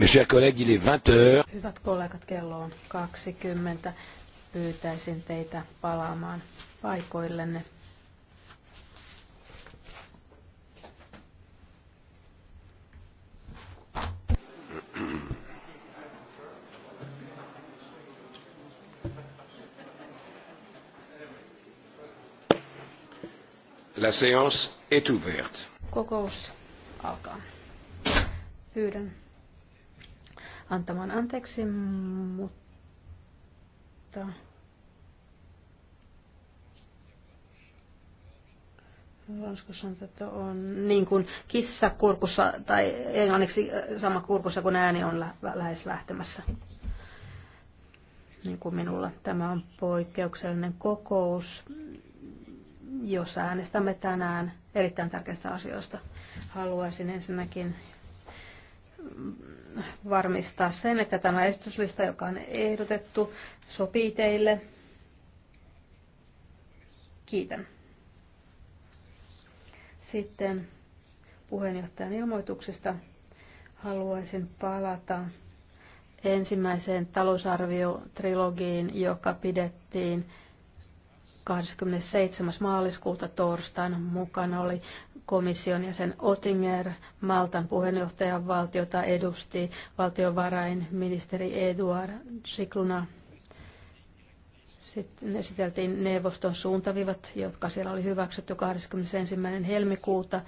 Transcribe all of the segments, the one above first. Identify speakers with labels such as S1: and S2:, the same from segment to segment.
S1: Mes chers collègues, il est 20 heures.
S2: Hyvät kollegat, kello on 20. Pyytäisin teitä palaamaan paikoillenne.
S1: La séance est ouverte.
S2: Kokous alkaa. Pyydän antamaan anteeksi, mutta Ranskassa on, että on niin kuin kissa kurkussa, tai englanniksi äh, sama kurkussa, kun ääni on lä- lähes lähtemässä. Niin kuin minulla. Tämä on poikkeuksellinen kokous, jossa äänestämme tänään erittäin tärkeistä asioista. Haluaisin ensinnäkin varmistaa sen, että tämä esityslista, joka on ehdotettu, sopii teille. Kiitän. Sitten puheenjohtajan ilmoituksesta haluaisin palata ensimmäiseen talousarviotrilogiin, joka pidettiin 27. maaliskuuta torstaina mukana oli komission jäsen Ottinger, Maltan puheenjohtajan valtiota edusti valtiovarainministeri Eduard Sikluna. Sitten esiteltiin neuvoston suuntavivat, jotka siellä oli hyväksytty 21. helmikuuta,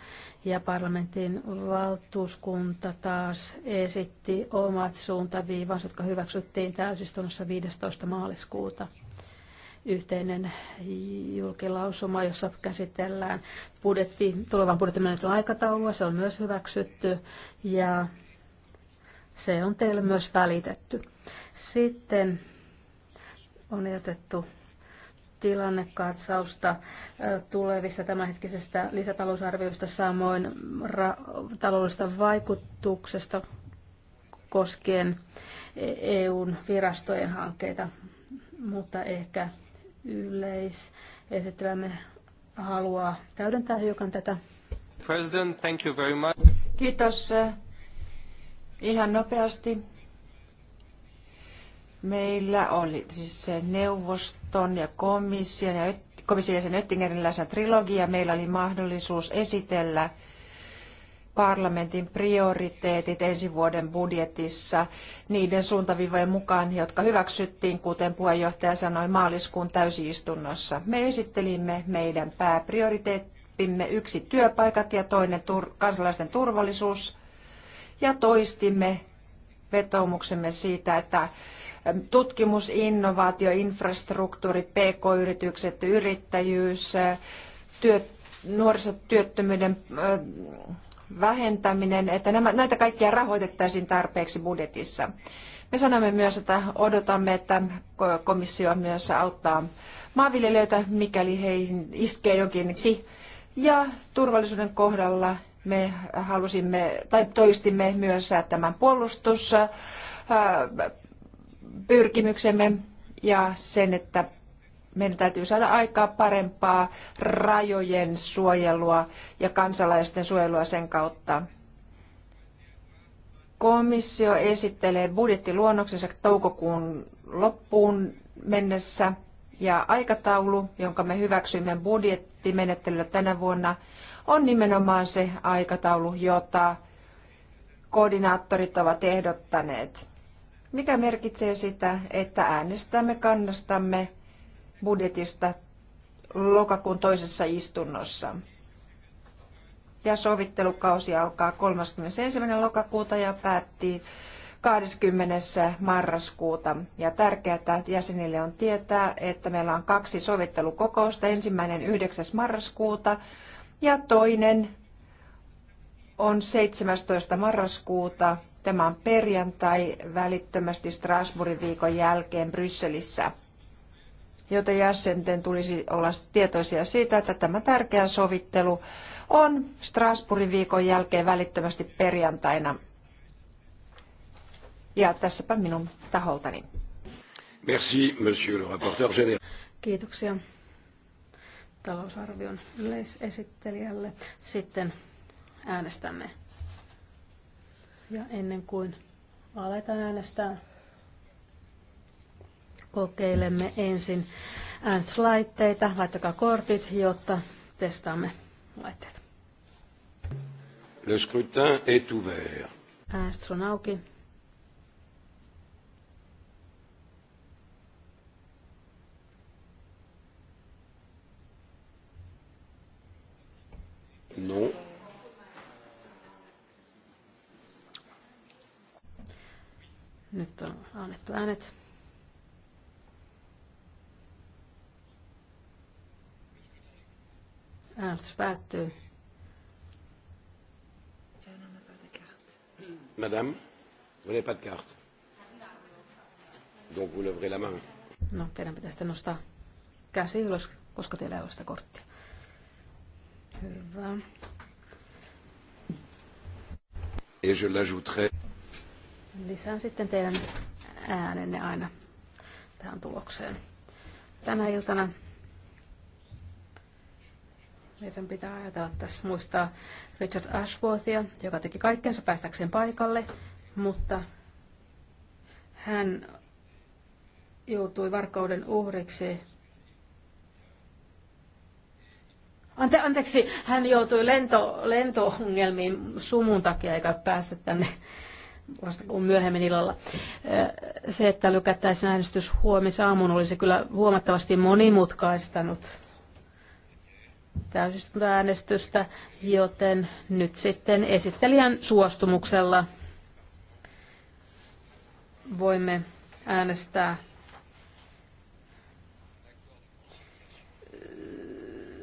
S2: ja parlamentin valtuuskunta taas esitti omat suuntaviivansa, jotka hyväksyttiin täysistunnossa 15. maaliskuuta yhteinen julkilausuma, jossa käsitellään budjetti, tulevan budjettimenettelyn aikataulua. Se on myös hyväksytty ja se on teille myös välitetty. Sitten on jätetty tilannekatsausta tulevista tämänhetkisestä lisätalousarviosta samoin ra- taloudellisesta vaikutuksesta koskien EUn e-, e-, virastojen hankkeita, mutta ehkä yleis. Esittelemme haluaa täydentää hiukan tätä. President, thank you very much.
S3: Kiitos. Ihan nopeasti. Meillä oli siis neuvoston ja komission ja komission jäsen Oettingerin läsnä trilogia. Meillä oli mahdollisuus esitellä parlamentin prioriteetit ensi vuoden budjetissa niiden suuntaviivojen mukaan, jotka hyväksyttiin, kuten puheenjohtaja sanoi maaliskuun täysistunnossa. Me esittelimme meidän pääprioriteettimme yksi työpaikat ja toinen kansalaisten turvallisuus ja toistimme vetoomuksemme siitä, että tutkimus, innovaatio, infrastruktuuri, pk-yritykset, yrittäjyys, eh, työ, nuorisotyöttömyyden vähentäminen, että nämä, näitä kaikkia rahoitettaisiin tarpeeksi budjetissa. Me sanomme myös, että odotamme, että komissio myös auttaa maanviljelijöitä, mikäli heihin iskee jokiniksi. Ja turvallisuuden kohdalla me halusimme tai toistimme myös tämän puolustuspyrkimyksemme äh, ja sen, että meidän täytyy saada aikaa parempaa rajojen suojelua ja kansalaisten suojelua sen kautta. Komissio esittelee budjettiluonnoksensa toukokuun loppuun mennessä ja aikataulu, jonka me hyväksymme budjettimenettelyllä tänä vuonna, on nimenomaan se aikataulu, jota koordinaattorit ovat ehdottaneet, mikä merkitsee sitä, että äänestämme kannastamme budjetista lokakuun toisessa istunnossa. Ja sovittelukausi alkaa 31. lokakuuta ja päättyy 20. marraskuuta. Ja tärkeää jäsenille on tietää, että meillä on kaksi sovittelukokousta. Ensimmäinen 9. marraskuuta ja toinen on 17. marraskuuta. Tämä on perjantai välittömästi Strasbourgin viikon jälkeen Brysselissä joten jäsenten tulisi olla tietoisia siitä, että tämä tärkeä sovittelu on Strasbourgin viikon jälkeen välittömästi perjantaina. Ja tässäpä minun taholtani.
S1: Merci, monsieur le rapporteur général.
S3: Kiitoksia talousarvion yleisesittelijälle.
S2: Sitten äänestämme. Ja ennen kuin aletaan äänestää, Kokeilemme ensin Ants-laitteita, Laittakaa kortit, jotta testaamme laitteet.
S1: Le scrutin est ouvert.
S2: Ernst on auki. Non. Nyt on annettu äänet. Allt Äänestys du.
S1: Madame, vous n'avez pas de carte. Donc vous lèverez la main.
S2: No, teidän pitää sitten nostaa käsi ylös, koska teillä ei ole sitä korttia. Hyvä.
S1: Et je l'ajouterai.
S2: Lisään sitten teidän äänenne aina tähän tulokseen. Tänä iltana meidän pitää ajatella tässä muistaa Richard Ashworthia, joka teki kaikkensa päästäkseen paikalle, mutta hän joutui varkauden uhriksi. Ante, anteeksi, hän joutui lento, lentoongelmiin sumun takia eikä päässyt tänne vasta kuin myöhemmin illalla. Se, että lykättäisiin äänestys huomisaamuun, olisi kyllä huomattavasti monimutkaistanut täysistuntoäänestystä, joten nyt sitten esittelijän suostumuksella voimme äänestää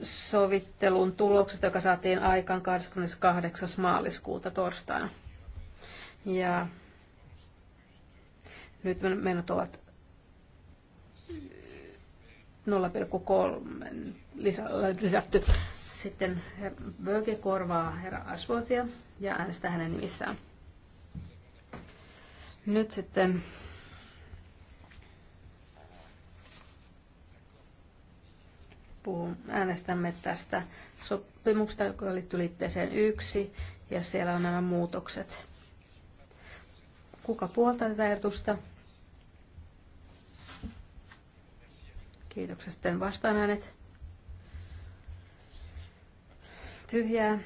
S2: sovittelun tulokset, joka saatiin aikaan 28. maaliskuuta torstaina. Ja nyt menot ovat 0,3 lisä, lisätty. Sitten Böge korvaa herra Asvotia ja äänestää hänen nimissään. Nyt sitten puhun, äänestämme tästä sopimuksesta, joka liittyy liitteeseen yksi, ja siellä on nämä muutokset. Kuka puoltaa tätä ehdotusta? Kiitoksia sitten vastaan hänet. Tyhjää.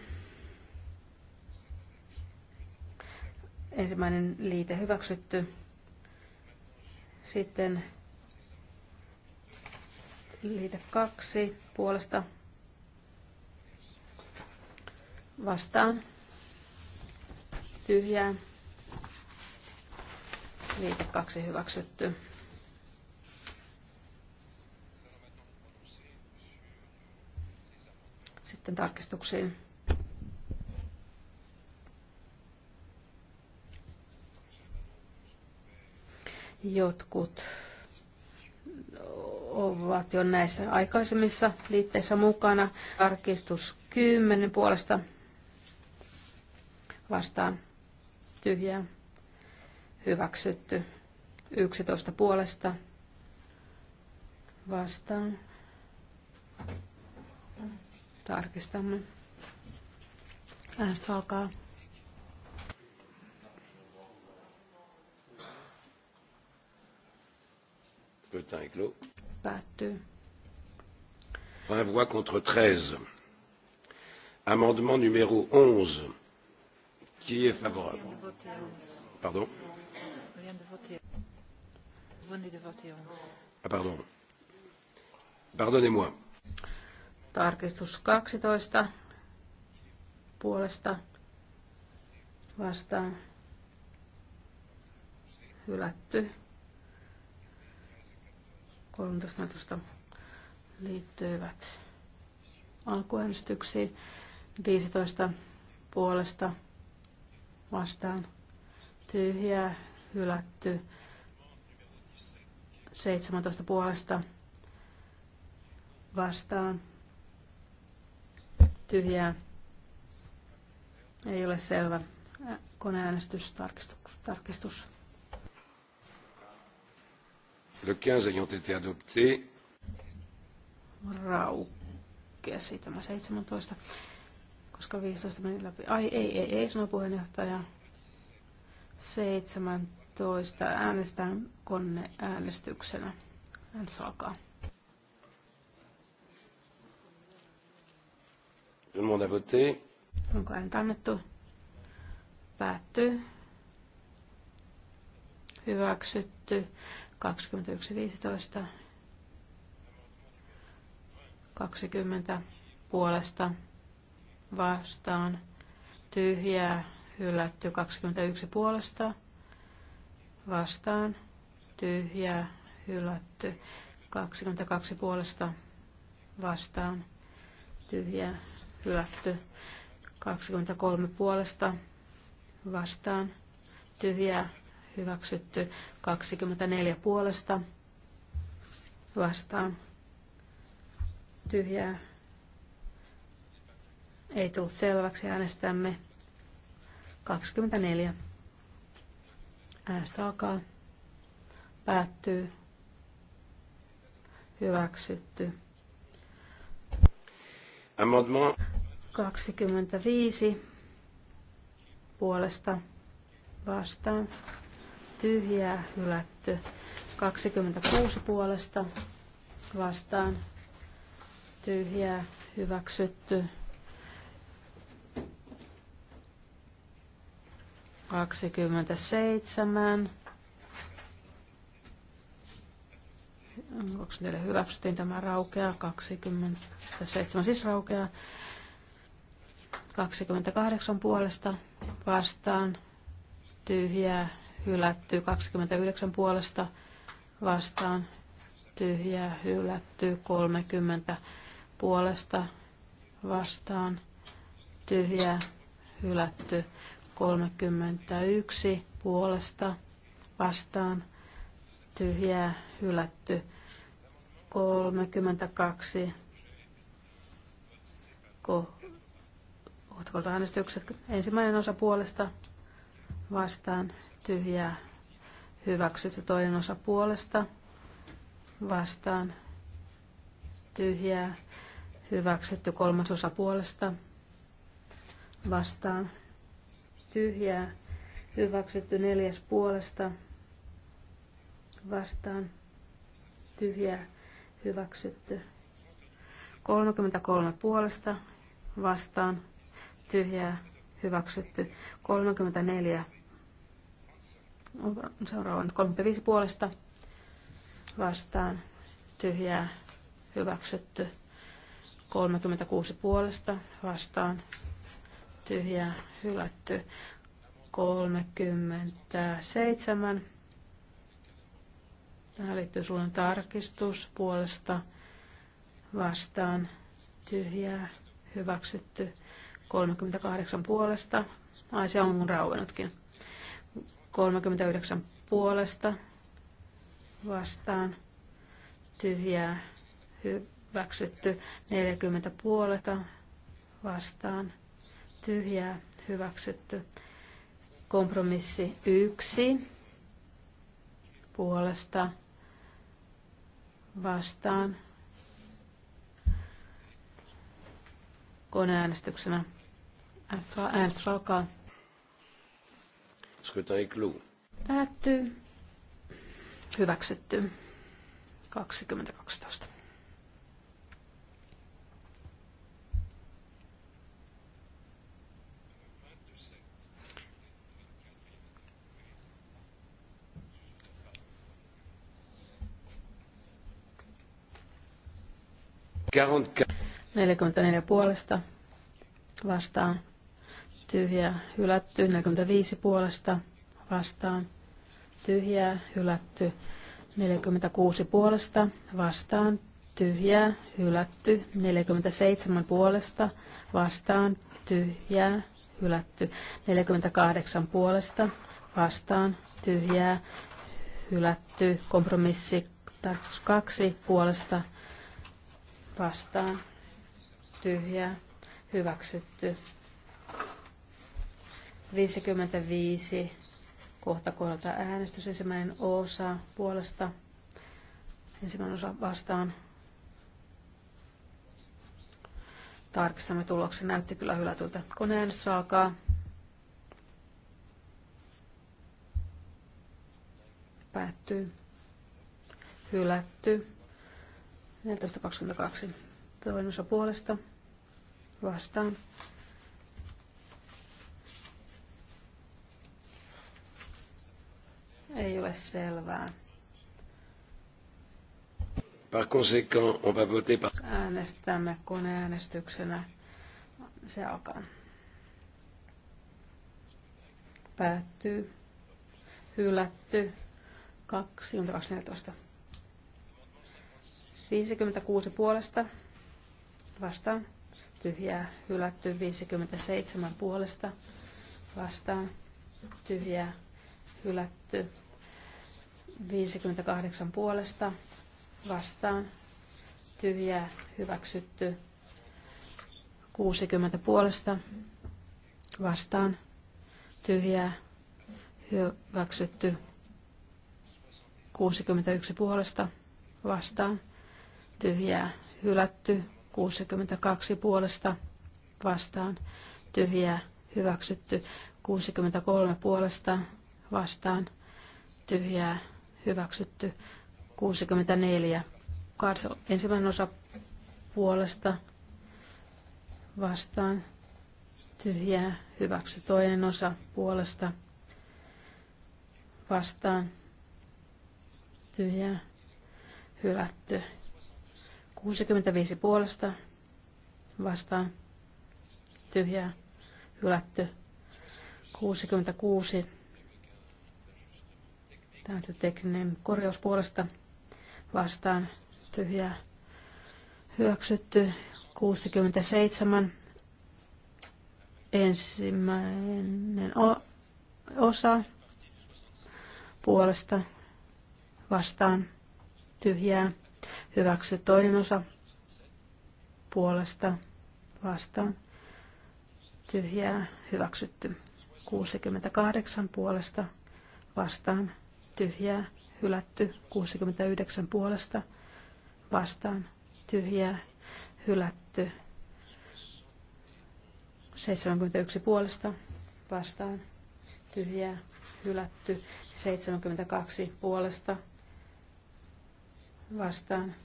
S2: Ensimmäinen liite hyväksytty. Sitten liite kaksi puolesta vastaan tyhjää. Liite kaksi hyväksytty. sitten tarkistuksiin. Jotkut ovat jo näissä aikaisemmissa liitteissä mukana. Tarkistus 10 puolesta vastaan tyhjää hyväksytty. 11 puolesta vastaan Tarkistamme. Äänestys alkaa.
S1: Scrutin clos. Päättyy. 20 voix contre 13. Amendement numéro 11. Qui est favorable Pardon
S3: Vous venez de voter 11.
S1: Ah pardon. Pardonnez-moi.
S2: Tarkistus 12 puolesta vastaan hylätty. 13 liittyvät alkuäänestyksiin. 15 puolesta vastaan tyhjää hylätty. 17 puolesta vastaan tyhjää. Ei ole selvä koneäänestystarkistus. Tarkistus.
S1: Le 15 ayant été adopté.
S2: Raukesi tämä 17, koska 15 meni läpi. Ai ei, ei, ei, sanoi puheenjohtaja. 17 äänestään koneäänestyksenä. Äänestys alkaa.
S1: Tout le monde a voté.
S2: Onko ääntä annettu? Päättyy. Hyväksytty. 21.15. 20 puolesta vastaan. Tyhjää. Hylätty. 21 puolesta vastaan. Tyhjää. Hylätty. 22 puolesta vastaan. Tyhjää hylätty. 23 puolesta vastaan tyhjää hyväksytty. 24 puolesta vastaan tyhjää. Ei tullut selväksi. Äänestämme 24. Äänestä alkaa. Päättyy. Hyväksytty. 25 puolesta vastaan. Tyhjää hylätty. 26 puolesta vastaan. Tyhjää hyväksytty. 27 24 hyväksyttiin tämä raukea, 27 siis raukea 28 puolesta vastaan, tyhjää, hylättyy 29 puolesta vastaan, tyhjää, hylättyy 30 puolesta vastaan, tyhjää, hylätty, 31 puolesta vastaan, tyhjää, hylätty, 32 kohtakolta äänestykset. Ensimmäinen osa puolesta vastaan tyhjää hyväksytty. Toinen osa puolesta vastaan tyhjää hyväksytty. Kolmas osa puolesta vastaan tyhjää hyväksytty. Neljäs puolesta vastaan tyhjää hyväksytty. 33 puolesta vastaan tyhjää hyväksytty. 34 seuraava 35 puolesta vastaan tyhjää hyväksytty. 36 puolesta vastaan tyhjää hylätty. 37 Tähän liittyy tarkistus puolesta vastaan tyhjää hyväksytty 38 puolesta. Ai se on mun rauennutkin. 39 puolesta vastaan tyhjää hyväksytty 40 puolesta vastaan tyhjää hyväksytty kompromissi 1 puolesta vastaan koneäänestyksenä. Äänestys alkaa. Päättyy. Hyväksytty. 2012. 44 puolesta vastaan. Tyhjää hylätty. 45 puolesta vastaan. Tyhjää hylätty. 46 puolesta vastaan. Tyhjää hylätty. 47 puolesta vastaan. Tyhjää hylätty. 48 puolesta vastaan. Tyhjää hylätty. Kompromissi 2 puolesta vastaan tyhjää hyväksytty. 55 kohta kohdalta äänestys ensimmäinen osa puolesta ensimmäinen osa vastaan. Tarkistamme tuloksen. Näytti kyllä hylätyltä. koneen saakaa. Päättyy. Hylätty. 14.22. Toinen osa puolesta vastaan. Ei ole selvää.
S1: Par conséquent, on va voter par...
S2: Äänestämme koneäänestyksenä. Se alkaa. Päättyy. Hylätty. 2.14. 56 puolesta vastaan. Tyhjää hylätty 57 puolesta vastaan. Tyhjää hylätty 58 puolesta vastaan. Tyhjää hyväksytty 60 puolesta vastaan. Tyhjää hyväksytty 61 puolesta vastaan tyhjää hylätty, 62 puolesta vastaan tyhjää hyväksytty, 63 puolesta vastaan tyhjää hyväksytty, 64 ensimmäinen osa puolesta vastaan tyhjää hyväksy toinen osa puolesta vastaan tyhjää hylätty 65 puolesta vastaan tyhjää hylätty. 66 täältä tekninen korjaus puolesta vastaan tyhjää hyväksytty. 67 ensimmäinen osa puolesta vastaan tyhjää Hyväksy toinen osa puolesta vastaan. Tyhjää hyväksytty. 68 puolesta vastaan. Tyhjää hylätty. 69 puolesta vastaan. Tyhjää hylätty. 71 puolesta vastaan. Tyhjää hylätty. 72 puolesta vastaan vastaan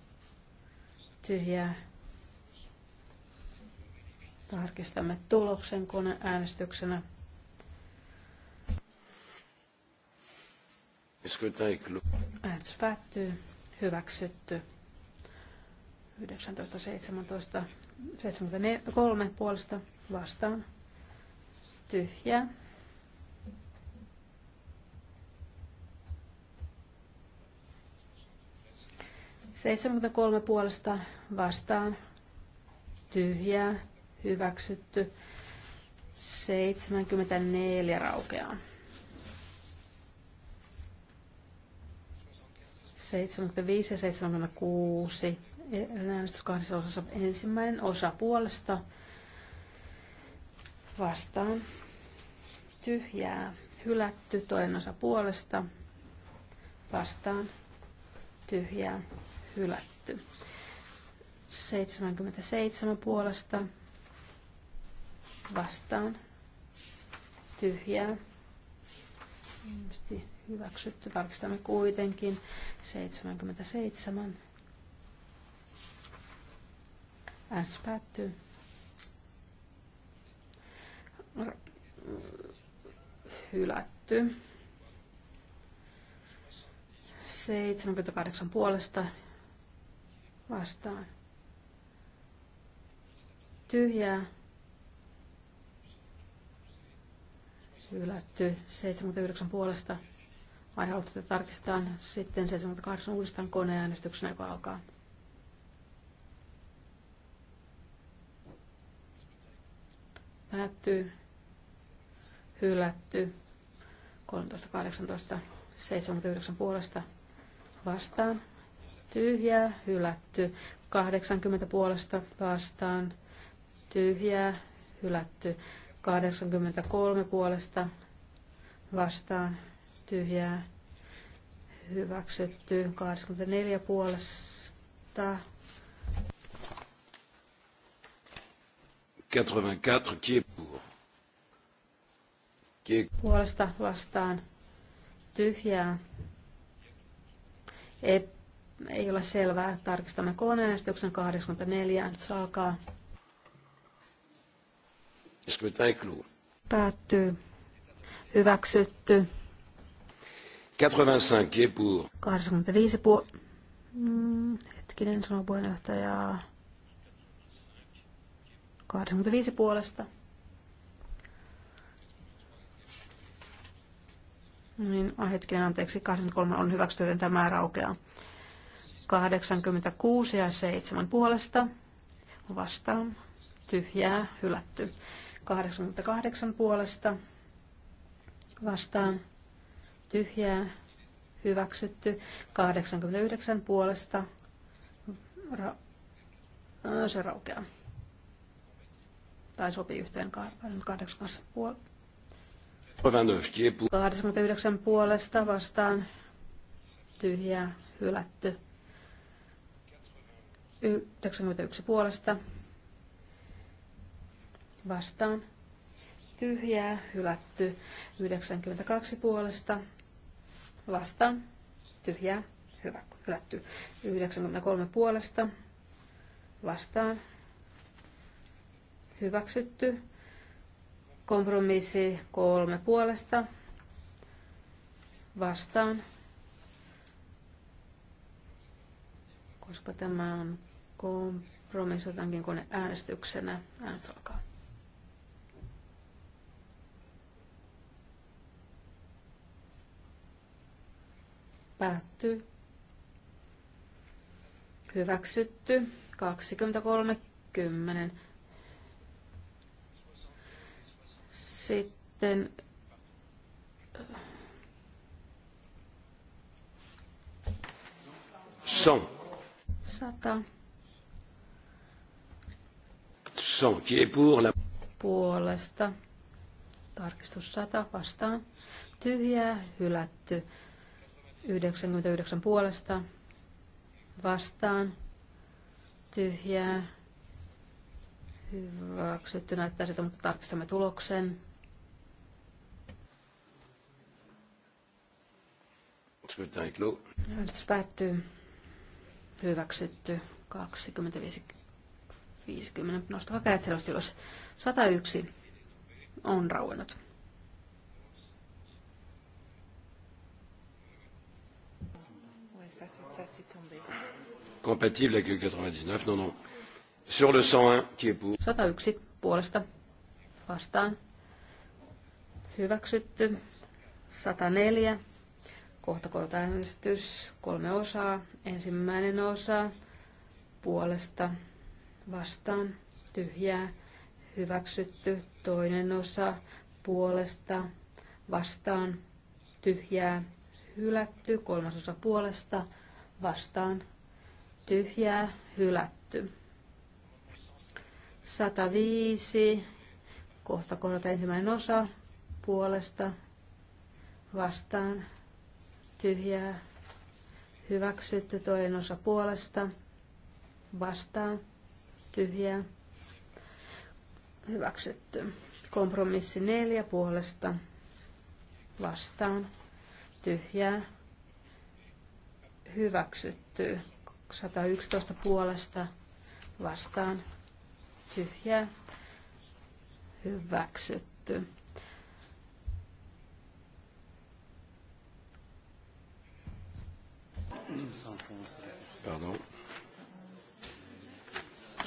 S2: tyhjää. Tarkistamme tuloksen äänestyksenä. Äänestys päättyy. Hyväksytty. 19.17.73 puolesta vastaan. Tyhjää. 73 puolesta vastaan tyhjää hyväksytty. 74 raukeaa. 75 ja 76. Äänestys kahdessa osassa. Ensimmäinen osa puolesta vastaan. Tyhjää. Hylätty. Toinen osa puolesta vastaan. Tyhjää hylätty. 77 puolesta vastaan tyhjää. Ilmeisesti hyväksytty. Tarkistamme kuitenkin 77. S päättyy. Hylätty. 78 puolesta vastaan. Tyhjää. Hylätty 79 puolesta. Vai haluatte tarkistaa sitten 78 uudestaan koneäänestyksenä, joka alkaa. Päättyy. Hylätty. 13, 18, 79 puolesta vastaan tyhjää, hylätty. 80 puolesta vastaan, tyhjää, hylätty. 83 puolesta vastaan, tyhjää, hyväksytty. 84 puolesta
S1: 84 qui est pour
S2: puolesta vastaan tyhjää. Et ei ole selvää. Tarkistamme koneäänestyksen 84. saakaa. Päättyy. Hyväksytty.
S1: 85 est pour.
S2: 85 pu... Mm, hetkinen, sanoo puheenjohtaja. 85 puolesta. Niin, hetkinen, anteeksi, 83 on hyväksytty, joten tämä aukeaa. 86 ja 7 puolesta vastaan tyhjää hylätty. 88 puolesta vastaan tyhjää hyväksytty. 89 puolesta ra- se raukeaa. Tai sopii yhteen 88 puolesta.
S1: 89
S2: puolesta vastaan tyhjää hylätty. 91 puolesta vastaan tyhjää, hylätty 92 puolesta vastaan tyhjää, hyvä, hylätty 93 puolesta vastaan hyväksytty kompromissi kolme puolesta vastaan koska tämä on kun otankin kone äänestyksenä. Äänestys alkaa. Päättyy. Hyväksytty. 23.10. Sitten Sata.
S1: 100, qui est pour la...
S2: Puolesta. Tarkistus 100 vastaan. Tyhjää, hylätty. 99 puolesta. Vastaan. Tyhjää. Hyväksytty näyttää sitä, mutta tarkistamme tuloksen. Äänestys päättyy. Hyväksytty 25 50. Nostakaa kädet selvästi ylös. 101 on rauennut.
S1: Compatible avec 99, non, non. Sur le 101, qui est pour.
S2: 101 puolesta vastaan. Hyväksytty. 104. Kohta äänestys. Kolme osaa. Ensimmäinen osa puolesta vastaan tyhjää hyväksytty. Toinen osa puolesta vastaan tyhjää hylätty. Kolmas osa puolesta vastaan tyhjää hylätty. 105 kohta kohdata ensimmäinen osa puolesta vastaan tyhjää hyväksytty toinen osa puolesta vastaan tyhjää hyväksytty. Kompromissi neljä puolesta vastaan tyhjää hyväksytty. 111 puolesta vastaan tyhjää hyväksytty.
S1: Pardon.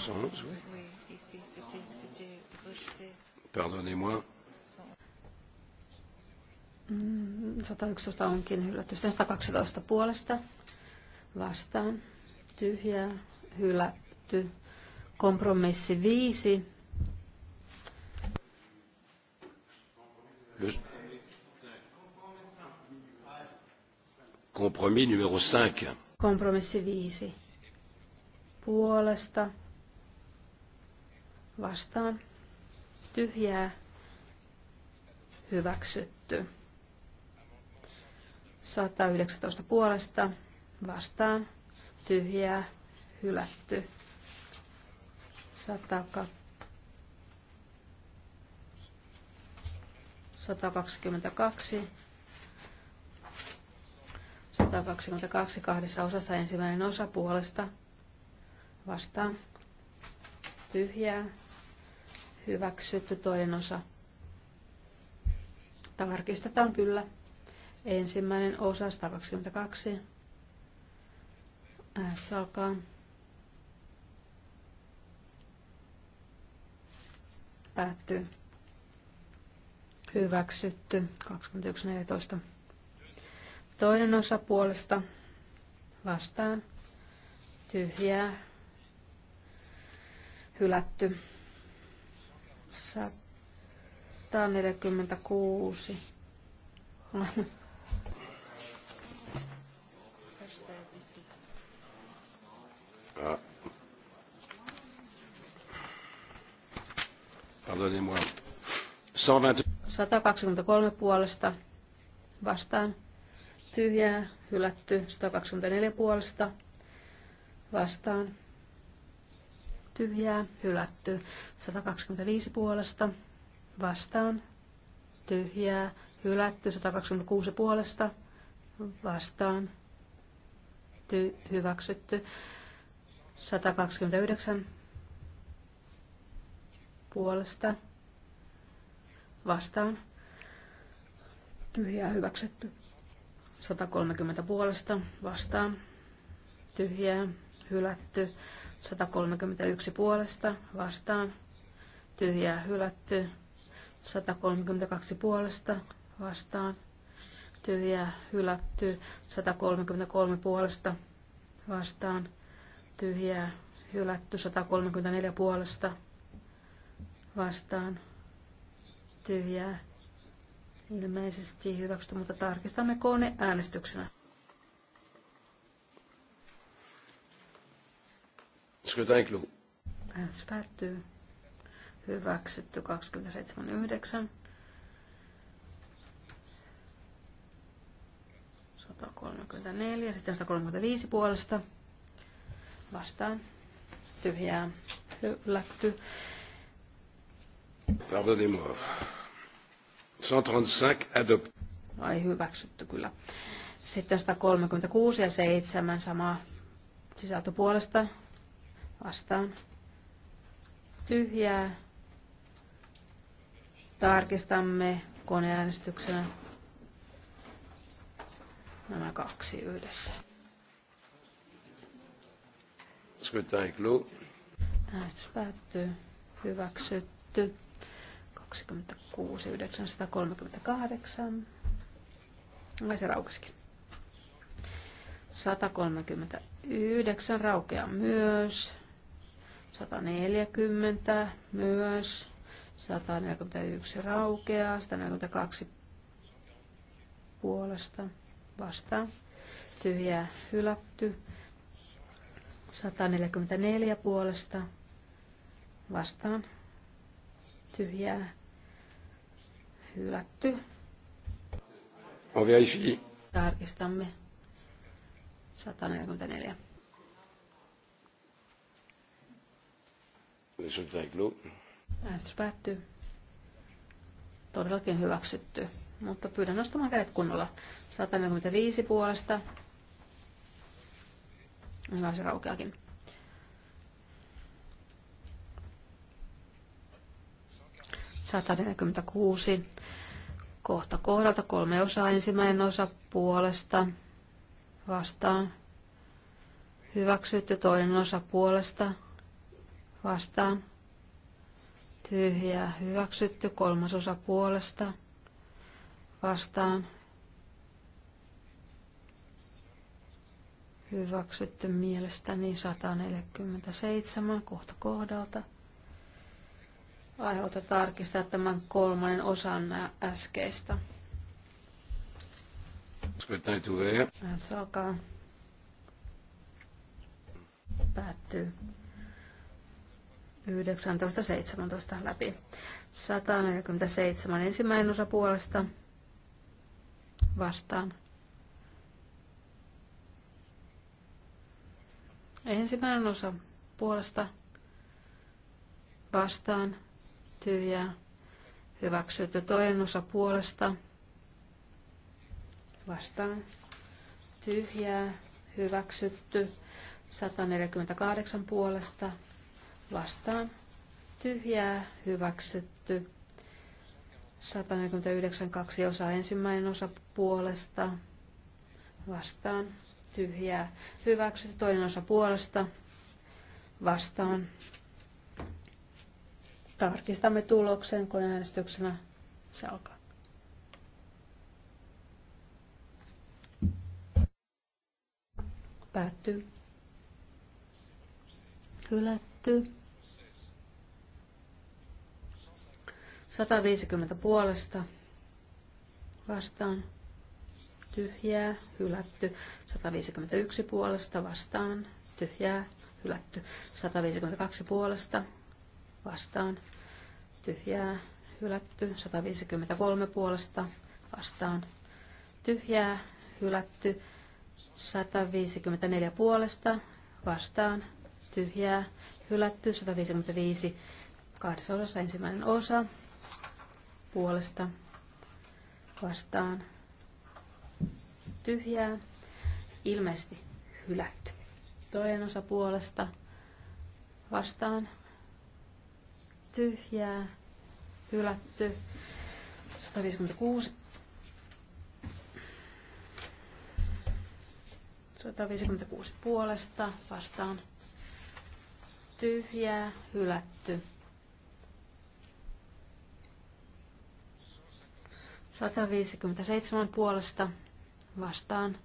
S1: 111,
S3: oui. Oui,
S1: Pardonnez-moi.
S2: 111 mm, onkin hylätty. Sitten 112 puolesta vastaan. Tyhjää, hylätty. Kompromissi 5.
S1: Le... Kompromissi numero 5.
S2: Kompromissi 5. Puolesta vastaan tyhjää hyväksytty. 119 puolesta vastaan tyhjää hylätty. 122. 122 kahdessa osassa ensimmäinen osa puolesta vastaan tyhjää hyväksytty toinen osa. Tarkistetaan kyllä. Ensimmäinen osa 122. Äänestys alkaa. Päättyy. Hyväksytty. 21.14. Toinen osa puolesta vastaan. Tyhjää. Hylätty. 146.
S1: Ah. Pardonnez-moi.
S2: 123 puolesta vastaan. Tyhjää, hylätty. 124 puolesta vastaan tyhjää, hylätty. 125 puolesta vastaan, tyhjää, hylätty. 126 puolesta vastaan, ty- hyväksytty. 129 puolesta vastaan, tyhjää, hyväksytty. 130 puolesta vastaan, tyhjää, hylätty. 131 puolesta vastaan, tyhjää hylätty. 132 puolesta vastaan, tyhjää hylätty. 133 puolesta vastaan, tyhjää hylätty. 134 puolesta vastaan, tyhjää ilmeisesti hyväksytty, mutta tarkistamme koneäänestyksenä. Scrutin clos. Äänestys päättyy. Hyväksytty 27.9. 134, sitten 135 puolesta vastaan. Tyhjää hylätty.
S1: Pardonnez-moi. 135 adopt.
S2: No ei hyväksytty kyllä. Sitten 136 ja 7 sama sisältö puolesta vastaan tyhjää. Tarkistamme koneäänestyksenä nämä kaksi yhdessä. Äänestys päättyy. Hyväksytty. 26938. 938. se raukesikin. 139 raukeaa myös. 140 myös, 141 raukeaa, 142 puolesta vastaan, Tyhjä hylätty, 144 puolesta vastaan, tyhjää
S1: hylätty.
S2: Tarkistamme. 144. Äänestys päättyy. Todellakin hyväksytty. Mutta pyydän nostamaan kädet kunnolla. 145 puolesta. Hyvä se raukeakin. kuusi Kohta kohdalta kolme osaa. Ensimmäinen osa puolesta vastaan. Hyväksytty toinen osa puolesta vastaan, tyhjää hyväksytty, kolmasosa puolesta vastaan, hyväksytty mielestäni 147 kohta kohdalta. Aiheuta tarkistaa tämän kolmannen osan nää äskeistä. Äänestys alkaa. Päättyy. 19.17 läpi. 147 ensimmäinen osa puolesta vastaan. Ensimmäinen osa puolesta vastaan tyhjää. Hyväksytty toinen osa puolesta vastaan tyhjää. Hyväksytty 148 puolesta vastaan tyhjää hyväksytty. 149.2 osa ensimmäinen osa puolesta vastaan tyhjää hyväksytty. Toinen osa puolesta vastaan. Tarkistamme tuloksen, kun äänestyksenä se alkaa. Päättyy. Hylätty. 150 puolesta vastaan tyhjää, hylätty. 151 puolesta vastaan tyhjää, hylätty. 152 puolesta vastaan tyhjää, hylätty. 153 puolesta vastaan tyhjää, hylätty. 154 puolesta vastaan tyhjää, hylätty. 155 kahdessa osassa ensimmäinen osa puolesta vastaan tyhjää, ilmeisesti hylätty. Toinen osa puolesta vastaan tyhjää, hylätty. 156. 156 puolesta vastaan tyhjää, hylätty. 157 puolesta vastaan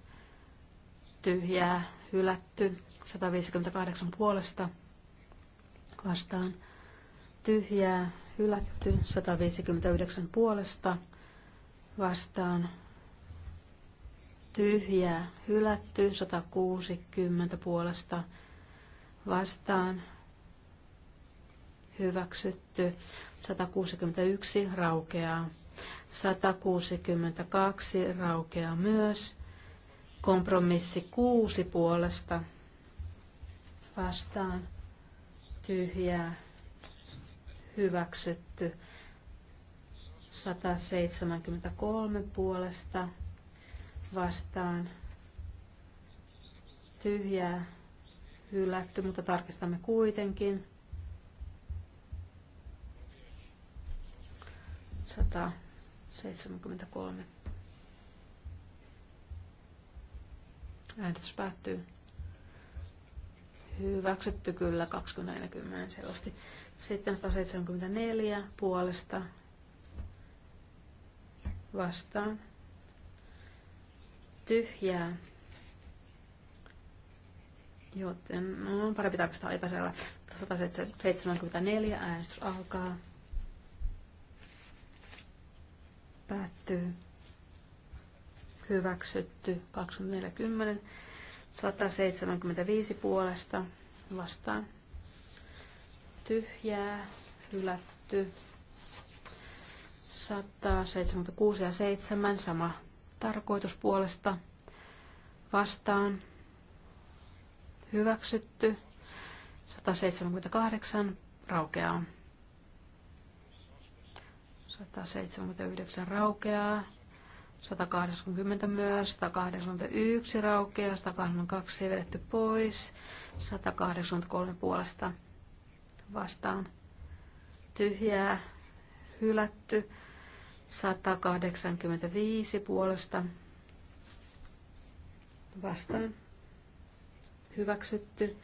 S2: tyhjää hylätty. 158 puolesta vastaan tyhjää hylätty. 159 puolesta vastaan tyhjää hylätty. 160 puolesta vastaan hyväksytty. 161 raukeaa. 162 raukeaa myös. Kompromissi 6 puolesta vastaan tyhjää hyväksytty. 173 puolesta vastaan tyhjää hylätty, mutta tarkistamme kuitenkin. 100 73. Äänestys päättyy. Hyväksytty kyllä 20 10 selvästi. Sitten 174 puolesta vastaan. Tyhjää. Joten no, on parempi tarkistaa epäselvä. 174 äänestys alkaa. Päättyy. Hyväksytty. 24.10. 175 puolesta. Vastaan. Tyhjää. Hylätty. 176 ja 7. Sama tarkoitus puolesta. Vastaan. Hyväksytty. 178 raukeaa. 179 raukeaa. 180 myös, 181 raukeaa, 182 vedetty pois, 183 puolesta vastaan tyhjää, hylätty, 185 puolesta vastaan hyväksytty,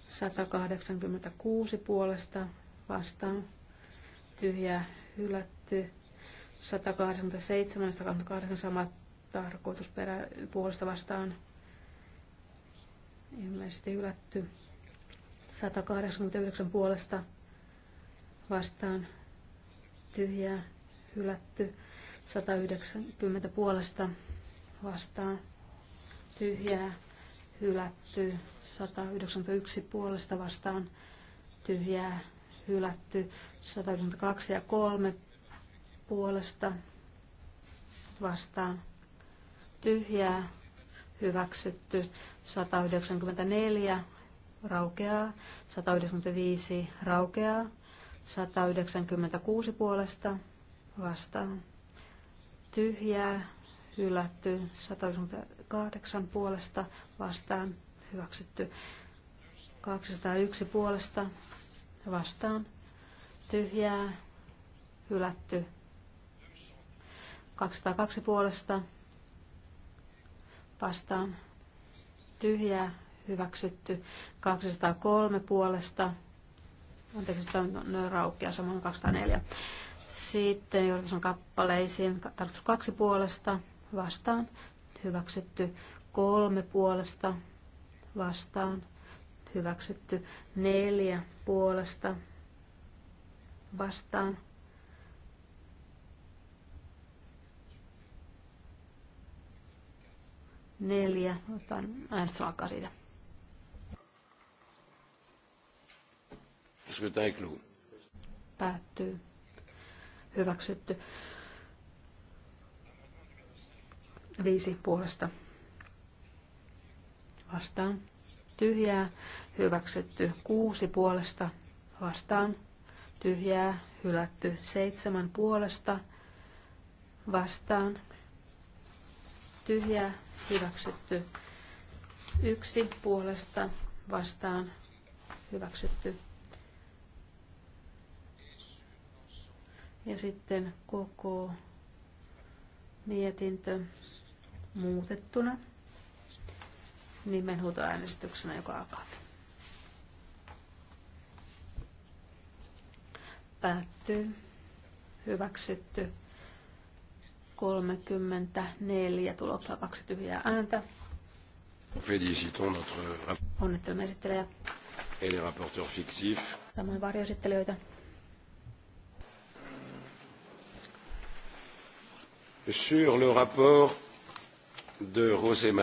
S2: 186 puolesta vastaan tyhjää, hylätty tehty 187 188 sama tarkoitusperä puolesta vastaan ilmeisesti hylätty. 189 puolesta vastaan tyhjää hylätty. 190 puolesta vastaan tyhjää hylätty. 191 puolesta vastaan tyhjää hylätty. 192 ja 3 puolesta vastaan tyhjää hyväksytty 194 raukeaa, 195 raukeaa, 196 puolesta vastaan tyhjää hylätty 198 puolesta vastaan hyväksytty 201 puolesta vastaan tyhjää hylätty 202 puolesta vastaan tyhjää hyväksytty. 203 puolesta, anteeksi, on raukkia samoin 204. Sitten on kappaleisiin tarkoitus kaksi puolesta vastaan hyväksytty, kolme puolesta vastaan hyväksytty, neljä puolesta vastaan Neljä. Otan äänestys alkaa siitä. Päättyy. Hyväksytty. Viisi puolesta. Vastaan. Tyhjää. Hyväksytty. Kuusi puolesta. Vastaan. Tyhjää. Hylätty. Seitsemän puolesta. Vastaan tyhjää hyväksytty. Yksi puolesta vastaan hyväksytty. Ja sitten koko mietintö muutettuna nimenhuutoäänestyksenä, joka alkaa. Päättyy. Hyväksytty. 34 tuloksella kaksi tyhjää ääntä.
S1: Félicitons notre... Onnittelemme esittelijä. Et les rapporteurs fictifs.
S2: Samoin varjoesittelijöitä.
S1: Sur le rapport de José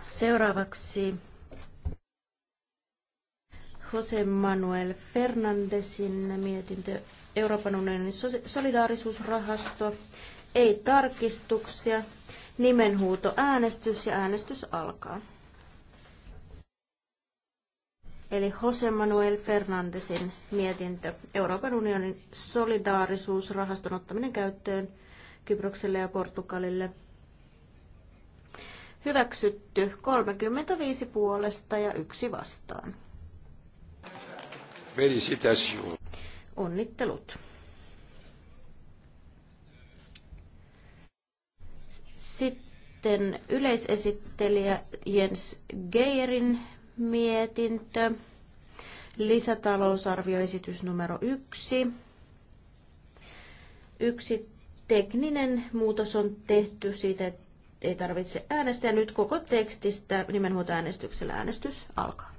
S4: Seuraavaksi José Manuel Fernandesin mietintö Euroopan unionin solidaarisuusrahasto ei tarkistuksia. Nimenhuuto äänestys ja äänestys alkaa. Eli Jose Manuel Fernandesin mietintö Euroopan unionin solidaarisuusrahaston ottaminen käyttöön Kyprokselle ja Portugalille. Hyväksytty 35 puolesta ja yksi vastaan.
S1: Felicitations.
S4: Onnittelut. Sitten yleisesittelijä Jens Geirin mietintö, lisätalousarvioesitys numero yksi. Yksi tekninen muutos on tehty siitä, että ei tarvitse äänestää. Nyt koko tekstistä äänestyksellä äänestys alkaa.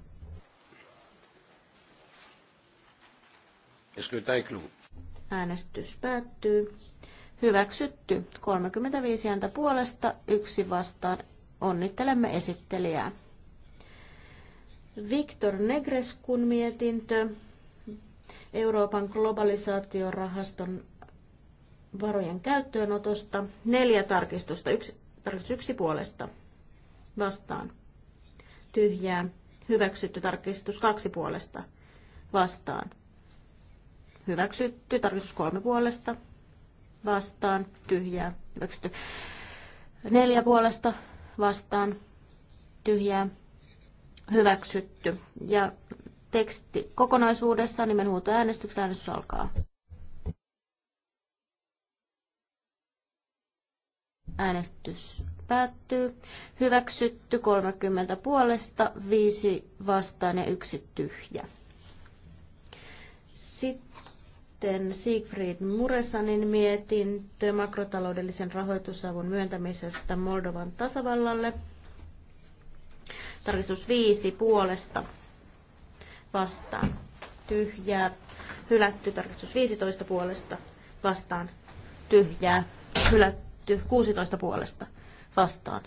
S4: Äänestys päättyy. Hyväksytty 35 ääntä puolesta, yksi vastaan. Onnittelemme esittelijää. Viktor Negreskun mietintö Euroopan globalisaatiorahaston varojen käyttöönotosta. Neljä tarkistusta, yksi, tarkistus yksi puolesta vastaan. Tyhjää. Hyväksytty tarkistus kaksi puolesta vastaan. Hyväksytty tarkistus kolme puolesta vastaan, tyhjää, hyväksytty. Neljä puolesta vastaan, tyhjää, hyväksytty. Ja teksti kokonaisuudessaan nimenhuuto äänestyksen äänestys alkaa. Äänestys päättyy. Hyväksytty 30 puolesta, 5 vastaan ja 1 tyhjä. Sitten sitten Siegfried Muresanin mietintö makrotaloudellisen rahoitusavun myöntämisestä Moldovan tasavallalle. Tarkistus 5 puolesta vastaan. Tyhjää. Hylätty. Tarkistus 15 puolesta vastaan. Tyhjää. Hylätty. 16 puolesta vastaan.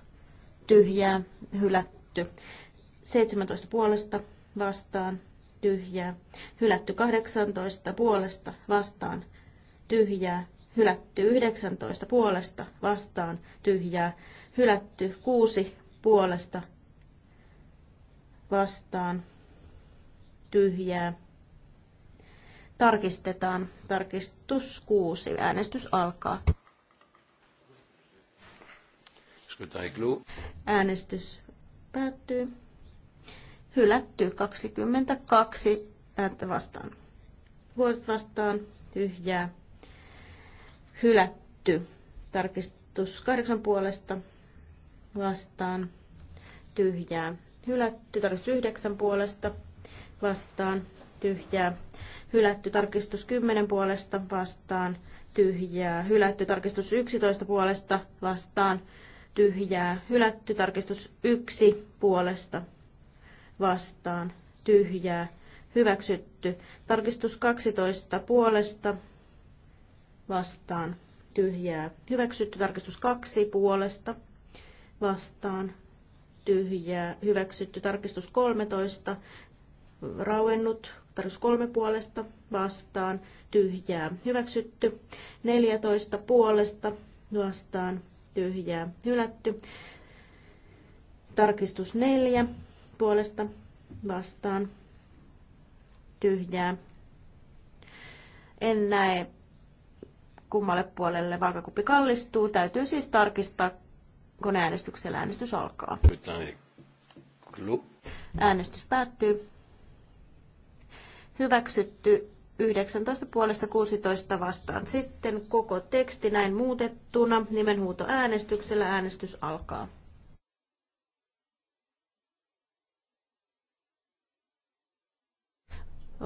S4: Tyhjää. Hylätty. 17 puolesta vastaan tyhjää, hylätty 18 puolesta vastaan, tyhjää, hylätty 19 puolesta vastaan, tyhjää, hylätty 6 puolesta vastaan, tyhjää. Tarkistetaan. Tarkistus 6. Äänestys alkaa. Äänestys päättyy hylätty 22 ääntä vastaan. Puolesta vastaan tyhjää hylätty. Tarkistus kahdeksan puolesta vastaan tyhjää hylätty. Tarkistus yhdeksän puolesta vastaan tyhjää hylätty. Tarkistus kymmenen puolesta vastaan tyhjää hylätty. Tarkistus yksitoista puolesta vastaan tyhjää hylätty. Tarkistus yksi puolesta vastaan tyhjää hyväksytty. Tarkistus 12 puolesta vastaan tyhjää hyväksytty. Tarkistus 2 puolesta vastaan tyhjää hyväksytty. Tarkistus 13 rauennut. Tarkistus 3 puolesta vastaan tyhjää hyväksytty. 14 puolesta vastaan tyhjää hylätty. Tarkistus 4 puolesta vastaan tyhjää. En näe kummalle puolelle vaakakuppi kallistuu. Täytyy siis tarkistaa, kun äänestyksellä äänestys alkaa. Äänestys päättyy. Hyväksytty 19 puolesta 16 vastaan. Sitten koko teksti näin muutettuna nimenhuuto äänestyksellä äänestys alkaa.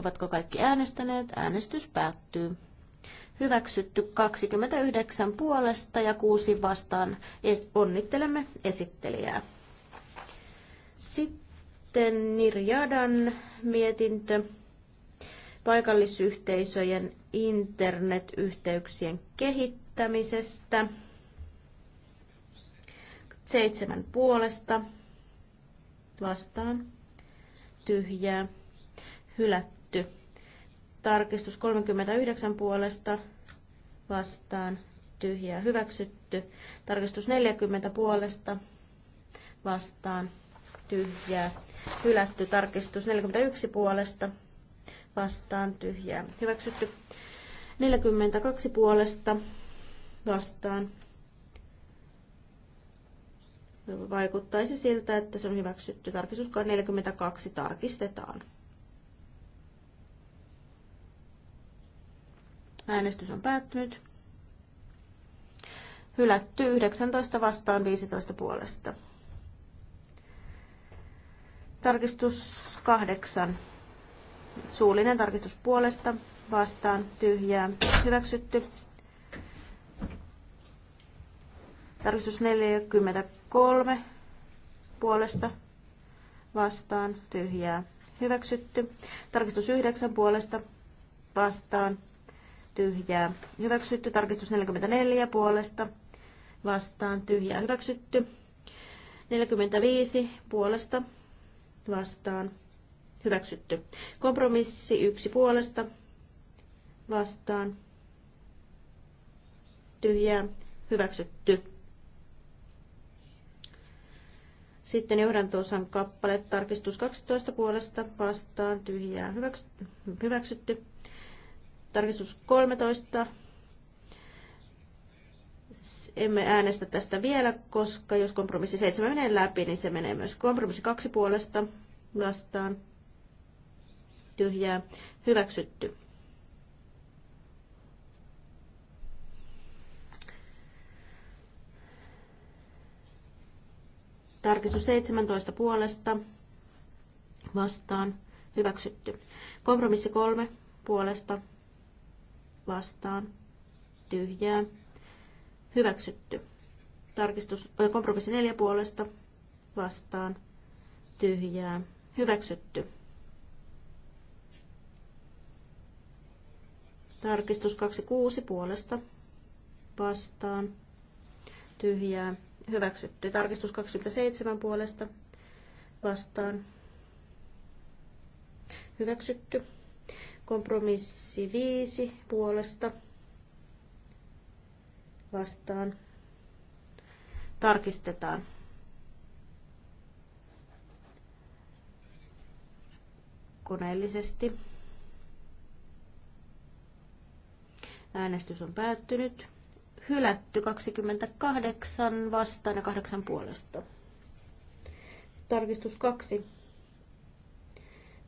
S4: Ovatko kaikki äänestäneet? Äänestys päättyy. Hyväksytty 29 puolesta ja 6 vastaan. Onnittelemme esittelijää. Sitten Nirjadan mietintö paikallisyhteisöjen internetyhteyksien kehittämisestä. Seitsemän puolesta vastaan tyhjää hylätty hylätty. Tarkistus 39 puolesta vastaan tyhjää hyväksytty. Tarkistus 40 puolesta vastaan tyhjää hylätty. Tarkistus 41 puolesta vastaan tyhjää hyväksytty. 42 puolesta vastaan vaikuttaisi siltä, että se on hyväksytty. Tarkistus 42 tarkistetaan. Äänestys on päättynyt. Hylätty 19 vastaan 15 puolesta. Tarkistus 8. Suullinen tarkistus puolesta vastaan tyhjää hyväksytty. Tarkistus 43 puolesta vastaan tyhjää hyväksytty. Tarkistus 9 puolesta vastaan tyhjää hyväksytty. Tarkistus 44 puolesta vastaan tyhjää hyväksytty. 45 puolesta vastaan hyväksytty. Kompromissi 1 puolesta vastaan tyhjää hyväksytty. Sitten johdantoosan kappale, tarkistus 12 puolesta vastaan, tyhjää hyväksytty. Tarkistus 13. Emme äänestä tästä vielä, koska jos kompromissi 7 menee läpi, niin se menee myös kompromissi 2 puolesta vastaan. Tyhjää. Hyväksytty. Tarkistus 17 puolesta vastaan hyväksytty. Kompromissi 3 puolesta vastaan tyhjää hyväksytty. Tarkistus, kompromissi neljä puolesta vastaan tyhjää hyväksytty. Tarkistus 26 puolesta vastaan tyhjää hyväksytty. Tarkistus 27 puolesta vastaan hyväksytty. Kompromissi 5 puolesta vastaan. Tarkistetaan. koneellisesti. Äänestys on päättynyt. Hylätty 28 vastaan ja 8 puolesta. Tarkistus 2.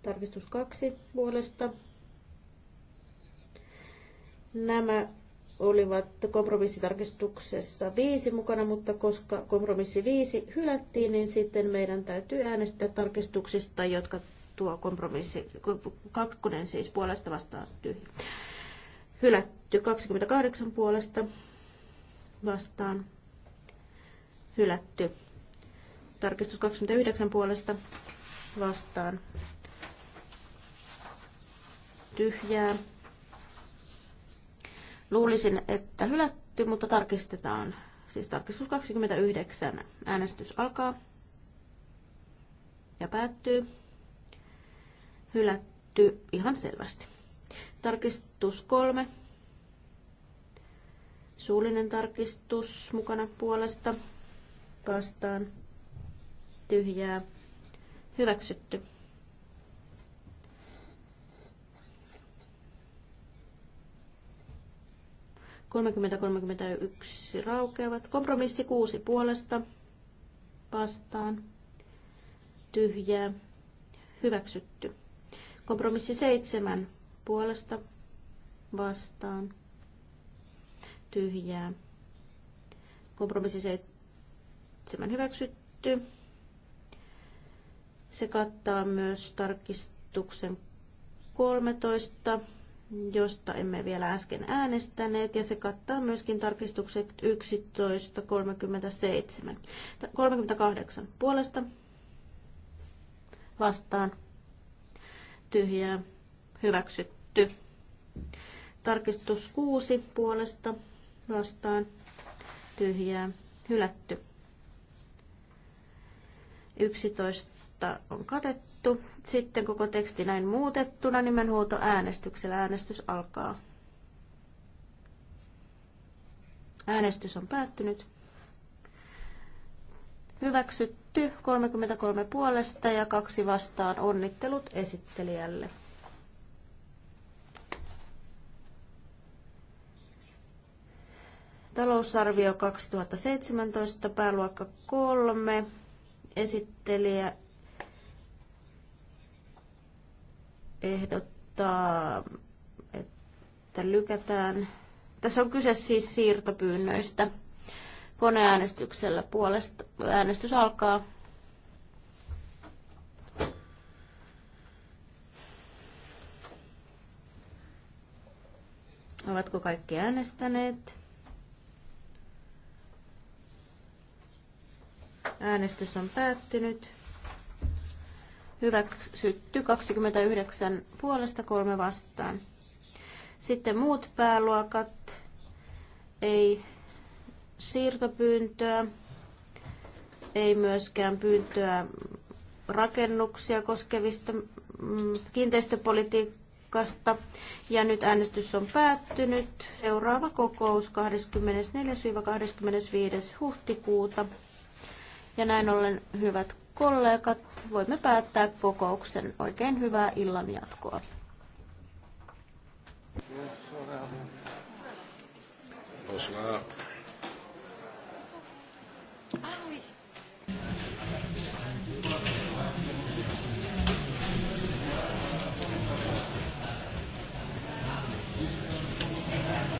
S4: Tarkistus 2 puolesta Nämä olivat kompromissitarkistuksessa viisi mukana, mutta koska kompromissi viisi hylättiin, niin sitten meidän täytyy äänestää tarkistuksista, jotka tuo kompromissi, kakkonen siis puolesta vastaan tyhjä. Hylätty 28 puolesta vastaan. Hylätty. Tarkistus 29 puolesta vastaan. Tyhjää. Luulisin, että hylätty, mutta tarkistetaan. Siis tarkistus 29. Äänestys alkaa ja päättyy. Hylätty ihan selvästi. Tarkistus 3. Suullinen tarkistus mukana puolesta. Vastaan. Tyhjää. Hyväksytty. 30-31 raukeavat. Kompromissi 6 puolesta vastaan. Tyhjää. Hyväksytty. Kompromissi 7 puolesta vastaan. Tyhjää. Kompromissi 7 hyväksytty. Se kattaa myös tarkistuksen 13 josta emme vielä äsken äänestäneet, ja se kattaa myöskin tarkistukset 11.37. 38 puolesta vastaan tyhjää hyväksytty. Tarkistus 6 puolesta vastaan tyhjää hylätty. 11 on katettu muutettu. Sitten koko teksti näin muutettuna nimenhuuto äänestyksellä. Äänestys alkaa. Äänestys on päättynyt. Hyväksytty 33 puolesta ja kaksi vastaan. Onnittelut esittelijälle. Talousarvio 2017, pääluokka 3. Esittelijä ehdottaa, että lykätään. Tässä on kyse siis siirtopyynnöistä. Koneäänestyksellä puolesta äänestys alkaa. Ovatko kaikki äänestäneet? Äänestys on päättynyt hyväksytty 29 puolesta kolme vastaan. Sitten muut pääluokat, ei siirtopyyntöä, ei myöskään pyyntöä rakennuksia koskevista mm, kiinteistöpolitiikasta. Ja nyt äänestys on päättynyt. Seuraava kokous 24-25. huhtikuuta. Ja näin ollen hyvät kollegat, voimme päättää kokouksen. Oikein hyvää illan jatkoa.
S1: Thank you.